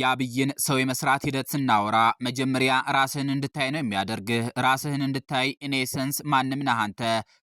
የአብይን ሰው የመስራት ሂደት ስናወራ መጀመሪያ ራስህን እንድታይ ነው የሚያደርግህ። ራስህን እንድታይ ኢኔሰንስ ማንም ነህ አንተ፣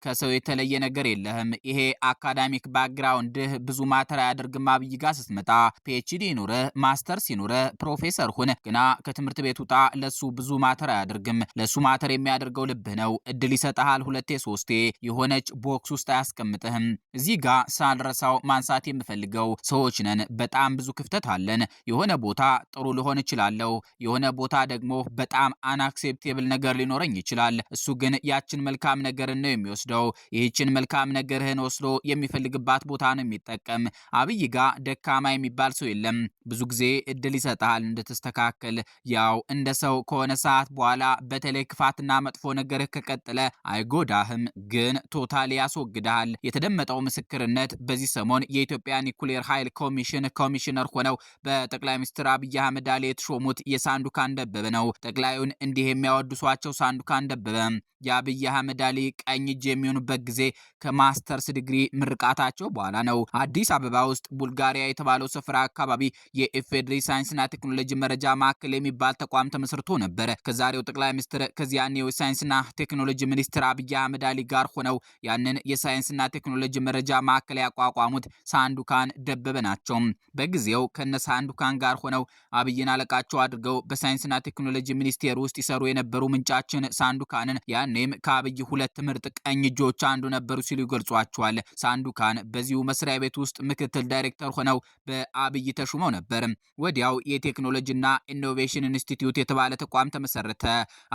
ከሰው የተለየ ነገር የለህም። ይሄ አካዳሚክ ባክግራውንድህ ብዙ ማተር አያደርግም። አብይ ጋር ስትመጣ ፒኤችዲ ይኑርህ፣ ማስተርስ ይኑርህ፣ ፕሮፌሰር ሁን፣ ግና ከትምህርት ቤት ውጣ። ለሱ ብዙ ማተር አያደርግም። ለሱ ማተር የሚያደርገው ልብህ ነው። እድል ይሰጠሃል፣ ሁለቴ ሶስቴ፣ የሆነች ቦክስ ውስጥ አያስቀምጥህም። እዚህ ጋር ሳልረሳው ማንሳት የምፈልገው ሰዎች ነን፣ በጣም ብዙ ክፍተት አለን የሆነ ቦታ ጥሩ ልሆን እችላለሁ፣ የሆነ ቦታ ደግሞ በጣም አንአክሴፕቴብል ነገር ሊኖረኝ ይችላል። እሱ ግን ያችን መልካም ነገርን ነው የሚወስደው። ይህችን መልካም ነገርህን ወስዶ የሚፈልግባት ቦታ ነው የሚጠቀም። አብይ ጋ ደካማ የሚባል ሰው የለም። ብዙ ጊዜ እድል ይሰጣል እንድትስተካከል። ያው እንደ ሰው ከሆነ ሰዓት በኋላ በተለይ ክፋትና መጥፎ ነገርህ ከቀጠለ አይጎዳህም፣ ግን ቶታል ያስወግድሃል። የተደመጠው ምስክርነት በዚህ ሰሞን የኢትዮጵያ ኒኩሌር ኃይል ኮሚሽን ኮሚሽነር ሆነው በጠቅላይ ሚኒስትር ሚኒስትር አብይ አህመድ አሊ የተሾሙት የሳንዱካን ደበበ ነው። ጠቅላዩን እንዲህ የሚያወድሷቸው ሳንዱካን ደበበ የአብይ አህመድ አሊ ቀኝ እጅ የሚሆኑበት ጊዜ ከማስተርስ ዲግሪ ምርቃታቸው በኋላ ነው። አዲስ አበባ ውስጥ ቡልጋሪያ የተባለው ስፍራ አካባቢ የኢፌድሪ ሳይንስና ቴክኖሎጂ መረጃ ማዕከል የሚባል ተቋም ተመስርቶ ነበር። ከዛሬው ጠቅላይ ሚኒስትር ከዚያኔው ሳይንስና ቴክኖሎጂ ሚኒስትር አብይ አህመድ አሊ ጋር ሆነው ያንን የሳይንስና ቴክኖሎጂ መረጃ ማዕከል ያቋቋሙት ሳንዱካን ደበበ ናቸው። በጊዜው ከነ ሳንዱካን ጋር ሆነው አብይን አለቃቸው አድርገው በሳይንስና ቴክኖሎጂ ሚኒስቴር ውስጥ ይሰሩ የነበሩ ምንጫችን ሳንዱካንን ያኔም ከአብይ ሁለት ምርጥ ቀኝ እጆች አንዱ ነበሩ ሲሉ ይገልጿቸዋል። ሳንዱካን በዚሁ መስሪያ ቤት ውስጥ ምክትል ዳይሬክተር ሆነው በአብይ ተሹመው ነበር። ወዲያው የቴክኖሎጂና ኢኖቬሽን ኢንስቲትዩት የተባለ ተቋም ተመሰረተ።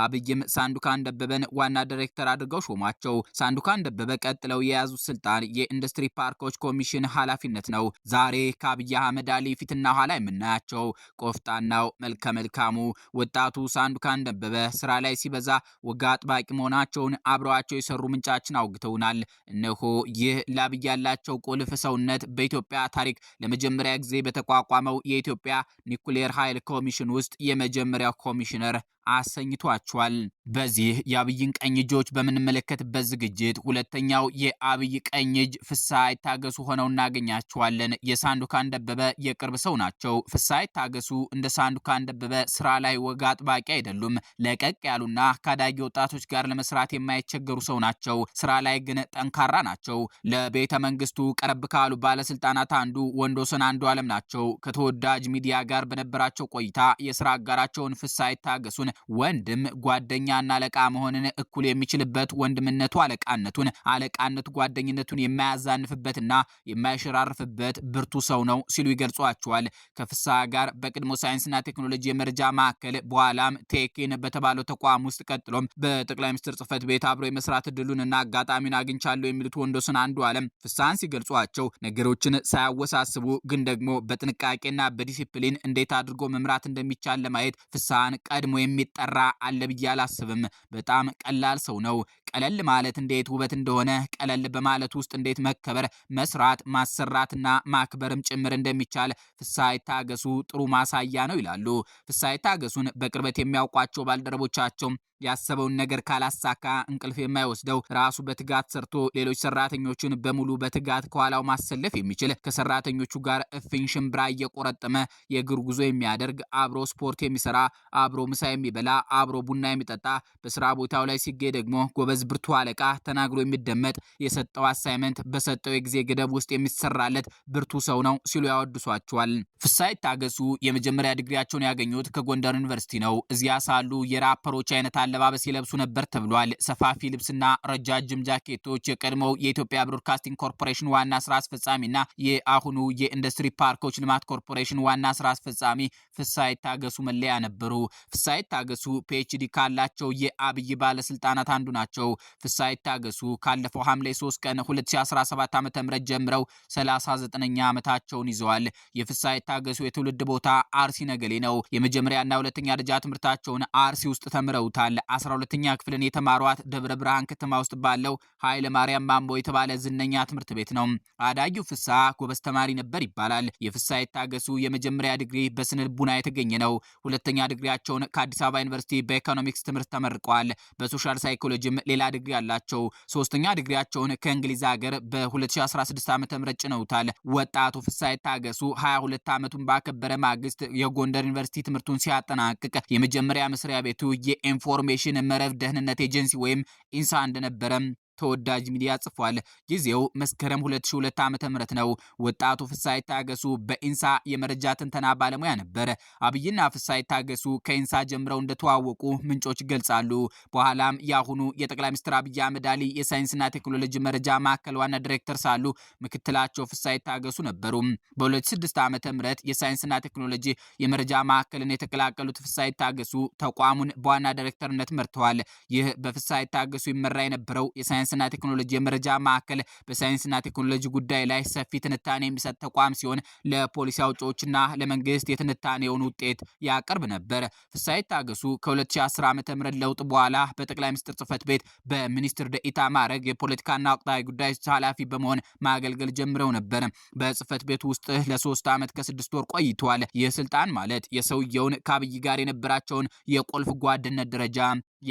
አብይም ሳንዱካን ደበበን ዋና ዳይሬክተር አድርገው ሾሟቸው። ሳንዱካን ደበበ ቀጥለው የያዙት ስልጣን የኢንዱስትሪ ፓርኮች ኮሚሽን ኃላፊነት ነው። ዛሬ ከአብይ አህመድ አሊ ፊትና ኋላ የምናያቸው ነው ቆፍጣናው መልከ መልካሙ ወጣቱ ሳንዱካን ደበበ ስራ ላይ ሲበዛ ወግ አጥባቂ መሆናቸውን አብረዋቸው የሰሩ ምንጫችን አውግተውናል። እነሆ ይህ ላብ ያላቸው ቁልፍ ሰውነት በኢትዮጵያ ታሪክ ለመጀመሪያ ጊዜ በተቋቋመው የኢትዮጵያ ኒኩሌር ኃይል ኮሚሽን ውስጥ የመጀመሪያው ኮሚሽነር አሰኝቷቸዋል። በዚህ የአብይን ቀኝ እጆች በምንመለከትበት ዝግጅት ሁለተኛው የአብይ ቀኝ እጅ ፍሳ ይታገሱ ሆነው እናገኛቸዋለን። የሳንዱካን ደበበ የቅርብ ሰው ናቸው። ፍሳ ይታገሱ እንደ ሳንዱካን ደበበ ስራ ላይ ወግ አጥባቂ አይደሉም። ለቀቅ ያሉና ከአዳጊ ወጣቶች ጋር ለመስራት የማይቸገሩ ሰው ናቸው። ስራ ላይ ግን ጠንካራ ናቸው። ለቤተ መንግስቱ ቀረብ ካሉ ባለስልጣናት አንዱ ወንዶሰን አንዱ አለም ናቸው። ከተወዳጅ ሚዲያ ጋር በነበራቸው ቆይታ የስራ አጋራቸውን ፍሳ ይታገሱን ወንድም ጓደኛና አለቃ መሆንን እኩል የሚችልበት ወንድምነቱ አለቃነቱን አለቃነቱ ጓደኝነቱን የማያዛንፍበትና የማይሸራርፍበት ብርቱ ሰው ነው ሲሉ ይገልጿቸዋል። ከፍስሐ ጋር በቅድሞ ሳይንስና ቴክኖሎጂ የመረጃ ማዕከል በኋላም ቴኪን በተባለው ተቋም ውስጥ ቀጥሎም በጠቅላይ ሚኒስትር ጽህፈት ቤት አብሮ የመስራት እድሉንና አጋጣሚን አግኝቻለሁ የሚሉት ወንዶስን አንዱ አለም ፍስሐን ሲገልጿቸው ነገሮችን ሳያወሳስቡ ግን ደግሞ በጥንቃቄና በዲሲፕሊን እንዴት አድርጎ መምራት እንደሚቻል ለማየት ፍስሐን ቀድሞ የሚ የሚጠራ አለ ብዬ አላስብም። በጣም ቀላል ሰው ነው። ቀለል ማለት እንዴት ውበት እንደሆነ ቀለል በማለት ውስጥ እንዴት መከበር፣ መስራት፣ ማሰራትና ማክበርም ጭምር እንደሚቻል ፍስሐ ይታገሱ ጥሩ ማሳያ ነው ይላሉ። ፍስሐ ይታገሱን በቅርበት የሚያውቋቸው ባልደረቦቻቸው ያሰበውን ነገር ካላሳካ እንቅልፍ የማይወስደው ራሱ በትጋት ሰርቶ ሌሎች ሰራተኞቹን በሙሉ በትጋት ከኋላው ማሰለፍ የሚችል ከሰራተኞቹ ጋር እፍኝ ሽምብራ እየቆረጠመ የእግር ጉዞ የሚያደርግ አብሮ ስፖርት የሚሰራ አብሮ ምሳ የሚበላ አብሮ ቡና የሚጠጣ በስራ ቦታው ላይ ሲገኝ ደግሞ ጎበዝ ብርቱ አለቃ ተናግሮ የሚደመጥ የሰጠው አሳይመንት በሰጠው የጊዜ ገደብ ውስጥ የሚሰራለት ብርቱ ሰው ነው ሲሉ ያወድሷቸዋል። ፍሳይ ታገሱ የመጀመሪያ ዲግሪያቸውን ያገኙት ከጎንደር ዩኒቨርሲቲ ነው። እዚያ ሳሉ የራፐሮች አይነት አለባበስ ይለብሱ ነበር ተብሏል። ሰፋፊ ልብስና ረጃጅም ጃኬቶች የቀድሞው የኢትዮጵያ ብሮድካስቲንግ ኮርፖሬሽን ዋና ስራ አስፈጻሚና የአሁኑ የኢንዱስትሪ ፓርኮች ልማት ኮርፖሬሽን ዋና ስራ አስፈጻሚ ፍሳይ ታገሱ መለያ ነበሩ። ፍሳይ ታገሱ ፒኤችዲ ካላቸው የአብይ ባለስልጣናት አንዱ ናቸው። ፍስሐ ይታገሱ ካለፈው ሐምሌ 3 ቀን 2017 ዓ.ም ጀምረው 39ኛ ዓመታቸውን ይዘዋል። የፍስሐ ይታገሱ የትውልድ ቦታ አርሲ ነገሌ ነው። የመጀመሪያና ሁለተኛ ደረጃ ትምህርታቸውን አርሲ ውስጥ ተምረውታል። 12ኛ ክፍልን የተማሯት ደብረ ብርሃን ከተማ ውስጥ ባለው ኃይለ ማርያም ማምቦ የተባለ ዝነኛ ትምህርት ቤት ነው። አዳጊው ፍሳ ጎበዝ ተማሪ ነበር ይባላል። የፍስሐ ይታገሱ የመጀመሪያ ዲግሪ በስነ ልቡና የተገኘ ነው። ሁለተኛ ዲግሪያቸውን ከአዲስ አበባ ዩኒቨርሲቲ በኢኮኖሚክስ ትምህርት ተመርቀዋል። በሶሻል ሳይኮሎጂም ሌላ ሌላ ዲግሪ አላቸው። ሶስተኛ ዲግሪያቸውን ከእንግሊዝ ሀገር በ2016 ዓ ም ጭነውታል። ወጣቱ ፍሳይ ታገሱ 22 ዓመቱን ባከበረ ማግስት የጎንደር ዩኒቨርሲቲ ትምህርቱን ሲያጠናቅቅ የመጀመሪያ መስሪያ ቤቱ የኢንፎርሜሽን መረብ ደህንነት ኤጀንሲ ወይም ኢንሳ እንደነበረም ተወዳጅ ሚዲያ ጽፏል። ጊዜው መስከረም 2002 ዓ.ም ነው። ወጣቱ ፍሳይ ይታገሱ በኢንሳ የመረጃ ትንተና ባለሙያ ነበር። አብይና ፍሳይ ይታገሱ ከኢንሳ ጀምረው እንደተዋወቁ ምንጮች ይገልጻሉ። በኋላም የአሁኑ የጠቅላይ ሚኒስትር አብይ አህመድ አሊ የሳይንስና ቴክኖሎጂ መረጃ ማዕከል ዋና ዲሬክተር ሳሉ ምክትላቸው ፍሳይ ይታገሱ ነበሩ። በ2006 ዓ.ም የሳይንስና ቴክኖሎጂ የመረጃ ማዕከልን የተቀላቀሉት ፍሳይ ይታገሱ ተቋሙን በዋና ዲሬክተርነት መርተዋል። ይህ በፍሳይ ይታገሱ ይመራ የነበረው የሳይንስ ሳይንስና ቴክኖሎጂ የመረጃ ማዕከል በሳይንስና ቴክኖሎጂ ጉዳይ ላይ ሰፊ ትንታኔ የሚሰጥ ተቋም ሲሆን ለፖሊሲ አውጪዎችና ለመንግስት የትንታኔውን ውጤት ያቀርብ ነበር። ፍሳይ ታገሱ ከ2010 ዓ ም ለውጥ በኋላ በጠቅላይ ሚኒስትር ጽህፈት ቤት በሚኒስትር ደኢታ ማዕረግ የፖለቲካና ወቅታዊ ጉዳይ ኃላፊ በመሆን ማገልገል ጀምረው ነበር። በጽህፈት ቤት ውስጥ ለሶስት ዓመት ከስድስት ወር ቆይተዋል። ይህ ስልጣን ማለት የሰውየውን ከአብይ ጋር የነበራቸውን የቁልፍ ጓድነት ደረጃ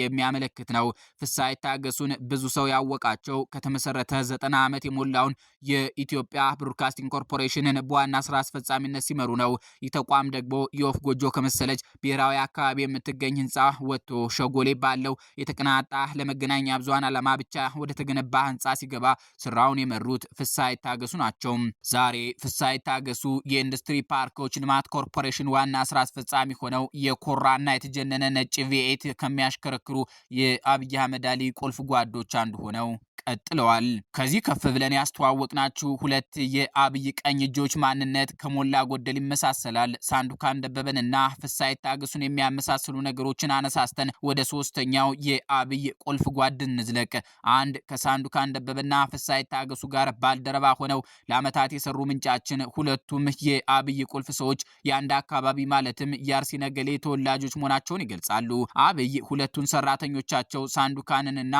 የሚያመለክት ነው። ፍሳ የታገሱን ብዙ ሰው ያወቃቸው ከተመሰረተ ዘጠና ዓመት የሞላውን የኢትዮጵያ ብሮድካስቲንግ ኮርፖሬሽንን በዋና ስራ አስፈጻሚነት ሲመሩ ነው። ይህ ተቋም ደግሞ የወፍ ጎጆ ከመሰለች ብሔራዊ አካባቢ የምትገኝ ህንፃ ወጥቶ ሸጎሌ ባለው የተቀናጣ ለመገናኛ ብዙሃን ዓላማ ብቻ ወደ ተገነባ ህንፃ ሲገባ ስራውን የመሩት ፍሳ የታገሱ ናቸው። ዛሬ ፍሳ የታገሱ የኢንዱስትሪ ፓርኮች ልማት ኮርፖሬሽን ዋና ስራ አስፈጻሚ ሆነው የኮራና የተጀነነ ነጭ ቪኤት ከሚያሽከረ የሚመሰክሩ የአብይ አህመድ አሊ ቁልፍ ጓዶች አንዱ ሆነው ቀጥለዋል። ከዚህ ከፍ ብለን ያስተዋወቅናችሁ ሁለት የአብይ ቀኝ እጆች ማንነት ከሞላ ጎደል ይመሳሰላል። ሳንዱካን ደበበንና ፍሳይ ታግሱን የሚያመሳስሉ ነገሮችን አነሳስተን ወደ ሶስተኛው የአብይ ቁልፍ ጓድ እንዝለቅ። አንድ ከሳንዱካን ደበበና ፍሳይ ታግሱ ጋር ባልደረባ ሆነው ለዓመታት የሰሩ ምንጫችን፣ ሁለቱም የአብይ ቁልፍ ሰዎች የአንድ አካባቢ ማለትም የአርሲ ነገሌ ተወላጆች መሆናቸውን ይገልጻሉ። አብይ ሁለቱን ሰራተኞቻቸው ሳንዱካንንና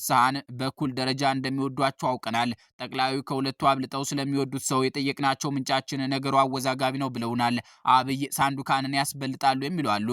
ፍስሐን በኩል ደረጃ እንደሚወዷቸው አውቀናል። ጠቅላዩ ከሁለቱ አብልጠው ስለሚወዱት ሰው የጠየቅናቸው ምንጫችን ነገሩ አወዛጋቢ ነው ብለውናል። አብይ ሳንዱካንን ያስበልጣሉ የሚሉ አሉ።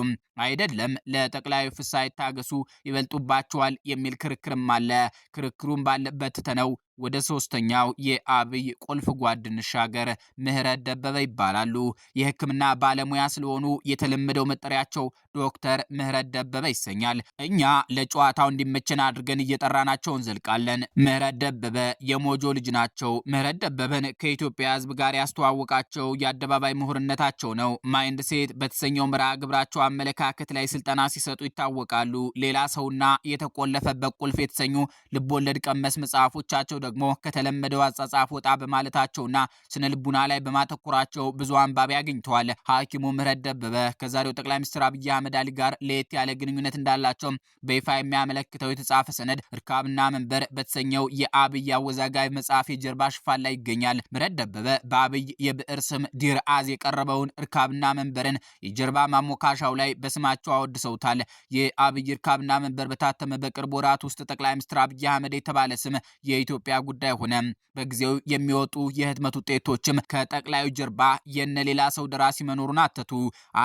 አይደለም ለጠቅላዩ ፍስሐ ይታገሱ ይበልጡባቸዋል የሚል ክርክርም አለ። ክርክሩም ባለበት ተነው ወደ ሶስተኛው የአብይ ቁልፍ ጓድ እንሻገር። ምህረት ደበበ ይባላሉ። የህክምና ባለሙያ ስለሆኑ የተለመደው መጠሪያቸው ዶክተር ምህረት ደበበ ይሰኛል። እኛ ለጨዋታው እንዲመቸን አድርገን እየጠራናቸው እንዘልቃለን። ምህረት ደበበ የሞጆ ልጅ ናቸው። ምህረት ደበበን ከኢትዮጵያ ህዝብ ጋር ያስተዋወቃቸው የአደባባይ ምሁርነታቸው ነው። ማይንድ ሴት በተሰኘው ምራ ግብራቸው አመለካከት ላይ ስልጠና ሲሰጡ ይታወቃሉ። ሌላ ሰውና የተቆለፈበት ቁልፍ የተሰኙ ልቦለድ ቀመስ መጽሐፎቻቸው ደግሞ ከተለመደው አጻጻፍ ወጣ በማለታቸውና ስነ ልቡና ላይ በማተኮራቸው ብዙ አንባቢ አግኝተዋል። ሐኪሙ ምህረት ደበበ ከዛሬው ጠቅላይ ሚኒስትር አብይ አህመድ አሊ ጋር ለየት ያለ ግንኙነት እንዳላቸው በይፋ የሚያመለክተው የተጻፈ ሰነድ እርካብና መንበር በተሰኘው የአብይ አወዛጋቢ መጽሐፍ የጀርባ ሽፋን ላይ ይገኛል። ምህረት ደበበ በአብይ የብዕር ስም ዲርአዝ የቀረበውን እርካብና መንበርን የጀርባ ማሞካሻው ላይ በስማቸው አወድሰውታል። የአብይ እርካብና መንበር በታተመ በቅርብ ወራት ውስጥ ጠቅላይ ሚኒስትር አብይ አህመድ የተባለ ስም የኢትዮጵያ ጉዳይ ሆነ። በጊዜው የሚወጡ የህትመት ውጤቶችም ከጠቅላዩ ጀርባ የነሌላ ሰው ደራሲ መኖሩን አተቱ።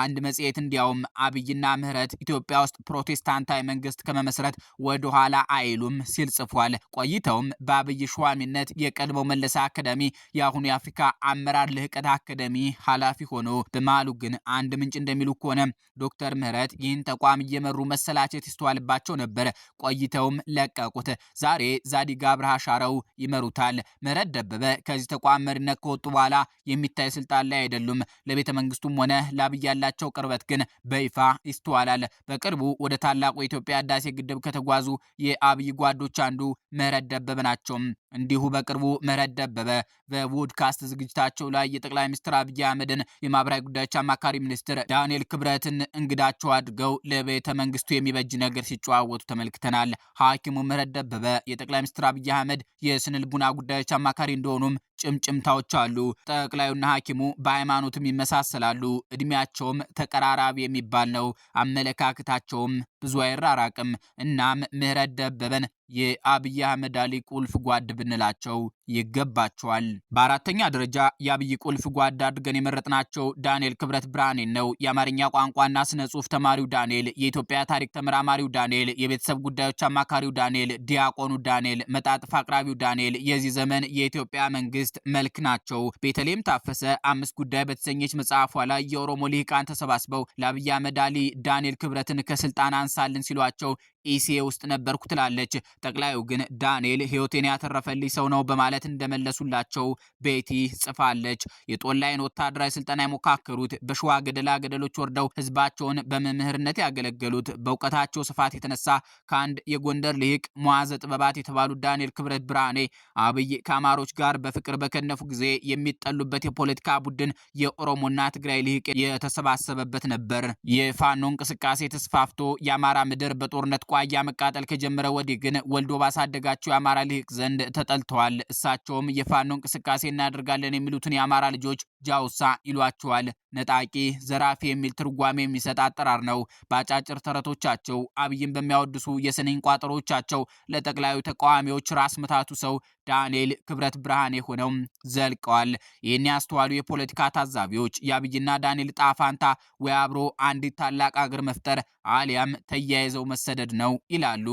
አንድ መጽሔት እንዲያውም አብይና ምህረት ኢትዮጵያ ውስጥ ፕሮቴስታንታዊ መንግስት ከመመስረት ወደኋላ አይሉም ሲል ጽፏል። ቆይተውም በአብይ ሸዋሚነት የቀድሞው መለሰ አካዳሚ የአሁኑ የአፍሪካ አመራር ልህቀት አካደሚ ኃላፊ ሆኖ በመሃሉ ግን አንድ ምንጭ እንደሚሉ ከሆነ ዶክተር ምህረት ይህን ተቋም እየመሩ መሰላቸት ይስተዋልባቸው ነበር። ቆይተውም ለቀቁት። ዛሬ ዛዲግ አብርሃ ሻረው አብረው ይመሩታል። መረት ደበበ ከዚህ ተቋም መሪነት ከወጡ በኋላ የሚታይ ስልጣን ላይ አይደሉም። ለቤተ መንግስቱም ሆነ ለአብይ ያላቸው ቅርበት ግን በይፋ ይስተዋላል። በቅርቡ ወደ ታላቁ የኢትዮጵያ ህዳሴ ግድብ ከተጓዙ የአብይ ጓዶች አንዱ መረት ደበበ ናቸው። እንዲሁ በቅርቡ መረት ደበበ በውድካስት ዝግጅታቸው ላይ የጠቅላይ ሚኒስትር አብይ አህመድን የማህበራዊ ጉዳዮች አማካሪ ሚኒስትር ዳንኤል ክብረትን እንግዳቸው አድርገው ለቤተ መንግስቱ የሚበጅ ነገር ሲጨዋወቱ ተመልክተናል። ሐኪሙ ምህረት ደበበ የጠቅላይ ሚኒስትር አብይ አህመድ የስነ ልቡና ጉዳዮች አማካሪ እንደሆኑም ጭምጭምታዎች አሉ። ጠቅላዩና ሐኪሙ በሃይማኖትም ይመሳሰላሉ። እድሜያቸውም ተቀራራቢ የሚባል ነው። አመለካከታቸውም ብዙ አይራራቅም። እናም ምህረት ደበበን የአብይ አህመድ አሊ ቁልፍ ጓድ ብንላቸው ይገባቸዋል። በአራተኛ ደረጃ የአብይ ቁልፍ ጓድ አድርገን የመረጥናቸው ዳንኤል ክብረት ብርሃኔን ነው። የአማርኛ ቋንቋና ስነ ጽሁፍ ተማሪው ዳንኤል፣ የኢትዮጵያ ታሪክ ተመራማሪው ዳንኤል፣ የቤተሰብ ጉዳዮች አማካሪው ዳንኤል፣ ዲያቆኑ ዳንኤል፣ መጣጥፍ አቅራቢው ዳንኤል የዚህ ዘመን የኢትዮጵያ መንግስት መንግስት መልክ ናቸው። ቤተልሔም ታፈሰ አምስት ጉዳይ በተሰኘች መጽሐፏ ላይ የኦሮሞ ልሂቃን ተሰባስበው ለአብይ አህመድ አሊ ዳንኤል ክብረትን ከስልጣን አንሳልን ሲሏቸው ኢሲኤ ውስጥ ነበርኩ ትላለች። ጠቅላዩ ግን ዳንኤል ህይወቴን ያተረፈልኝ ሰው ነው በማለት እንደመለሱላቸው ቤቲ ጽፋለች። የጦላይን ወታደራዊ ስልጠና የሞካከሩት በሸዋ ገደላ ገደሎች ወርደው ህዝባቸውን በመምህርነት ያገለገሉት በእውቀታቸው ስፋት የተነሳ ከአንድ የጎንደር ልሂቅ መዋዘ ጥበባት የተባሉት ዳንኤል ክብረት ብርሃኔ አብይ ከአማሮች ጋር በፍቅር በከነፉ ጊዜ የሚጠሉበት የፖለቲካ ቡድን የኦሮሞና ትግራይ ልሂቅ የተሰባሰበበት ነበር። የፋኖ እንቅስቃሴ ተስፋፍቶ የአማራ ምድር በጦርነት ቡቃያ መቃጠል ከጀመረ ወዲህ ግን ወልዶ ባሳደጋቸው የአማራ ልሂቅ ዘንድ ተጠልተዋል። እሳቸውም የፋኖ እንቅስቃሴ እናደርጋለን የሚሉትን የአማራ ልጆች ጃውሳ ይሏቸዋል። ነጣቂ፣ ዘራፊ የሚል ትርጓሜ የሚሰጥ አጠራር ነው። በአጫጭር ተረቶቻቸው አብይን በሚያወድሱ የስንኝ ቋጠሮቻቸው ለጠቅላዩ ተቃዋሚዎች ራስ ምታቱ ሰው ዳንኤል ክብረት ብርሃን የሆነው ዘልቀዋል። ይህን ያስተዋሉ የፖለቲካ ታዛቢዎች የአብይና ዳንኤል ጣፋንታ ወይ አብሮ አንዲት ታላቅ አገር መፍጠር አሊያም ተያይዘው መሰደድ ነው ይላሉ።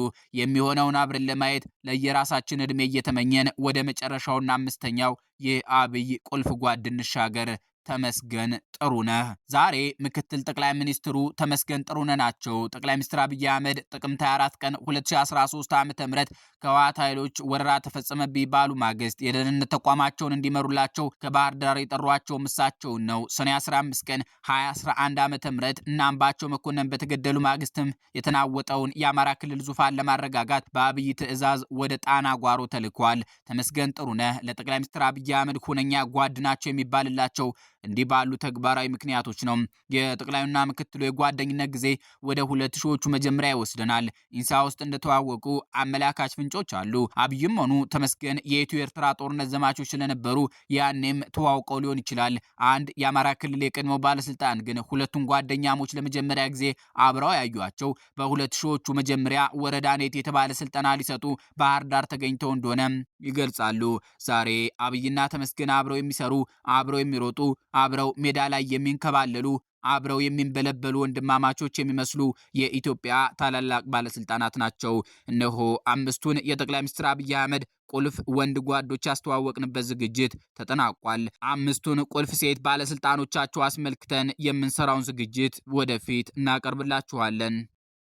የሚሆነውን አብረን ለማየት ለየራሳችን እድሜ እየተመኘን ወደ መጨረሻውና አምስተኛው የአብይ ቁልፍ ጓድ እንሻገር። ተመስገን ጥሩነህ ዛሬ ምክትል ጠቅላይ ሚኒስትሩ ተመስገን ጥሩነህ ናቸው። ጠቅላይ ሚኒስትር አብይ አህመድ ጥቅምት 24 ቀን 2013 ዓ ም ከህወሓት ኃይሎች ወረራ ተፈጸመብኝ ባሉ ማግስት የደህንነት ተቋማቸውን እንዲመሩላቸው ከባህር ዳር የጠሯቸው ምሳቸውን ነው። ሰኔ 15 ቀን 2011 ዓ ም እነ አምባቸው መኮንን በተገደሉ ማግስትም የተናወጠውን የአማራ ክልል ዙፋን ለማረጋጋት በአብይ ትዕዛዝ ወደ ጣና ጓሮ ተልኳል። ተመስገን ጥሩነህ ለጠቅላይ ሚኒስትር አብይ አህመድ ሁነኛ ጓድ ናቸው የሚባልላቸው እንዲህ ባሉ ተግባራዊ ምክንያቶች ነው የጠቅላዩና ምክትሉ የጓደኝነት ጊዜ ወደ ሁለት ሺዎቹ መጀመሪያ ይወስደናል። ኢንሳ ውስጥ እንደተዋወቁ አመላካች ፍንጮች አሉ። አብይም ሆኑ ተመስገን የኢትዮ ኤርትራ ጦርነት ዘማቾች ስለነበሩ ያኔም ተዋውቀው ሊሆን ይችላል። አንድ የአማራ ክልል የቀድሞ ባለስልጣን ግን ሁለቱን ጓደኛሞች ለመጀመሪያ ጊዜ አብረው ያዩቸው በሁለት ሺዎቹ መጀመሪያ ወረዳኔት የተባለ ስልጠና ሊሰጡ ባህር ዳር ተገኝተው እንደሆነ ይገልጻሉ። ዛሬ አብይና ተመስገን አብረው የሚሰሩ አብረው የሚሮጡ አብረው ሜዳ ላይ የሚንከባለሉ አብረው የሚንበለበሉ ወንድማማቾች የሚመስሉ የኢትዮጵያ ታላላቅ ባለስልጣናት ናቸው። እነሆ አምስቱን የጠቅላይ ሚኒስትር አብይ አህመድ ቁልፍ ወንድ ጓዶች ያስተዋወቅንበት ዝግጅት ተጠናቋል። አምስቱን ቁልፍ ሴት ባለስልጣኖቻቸው አስመልክተን የምንሰራውን ዝግጅት ወደፊት እናቀርብላችኋለን።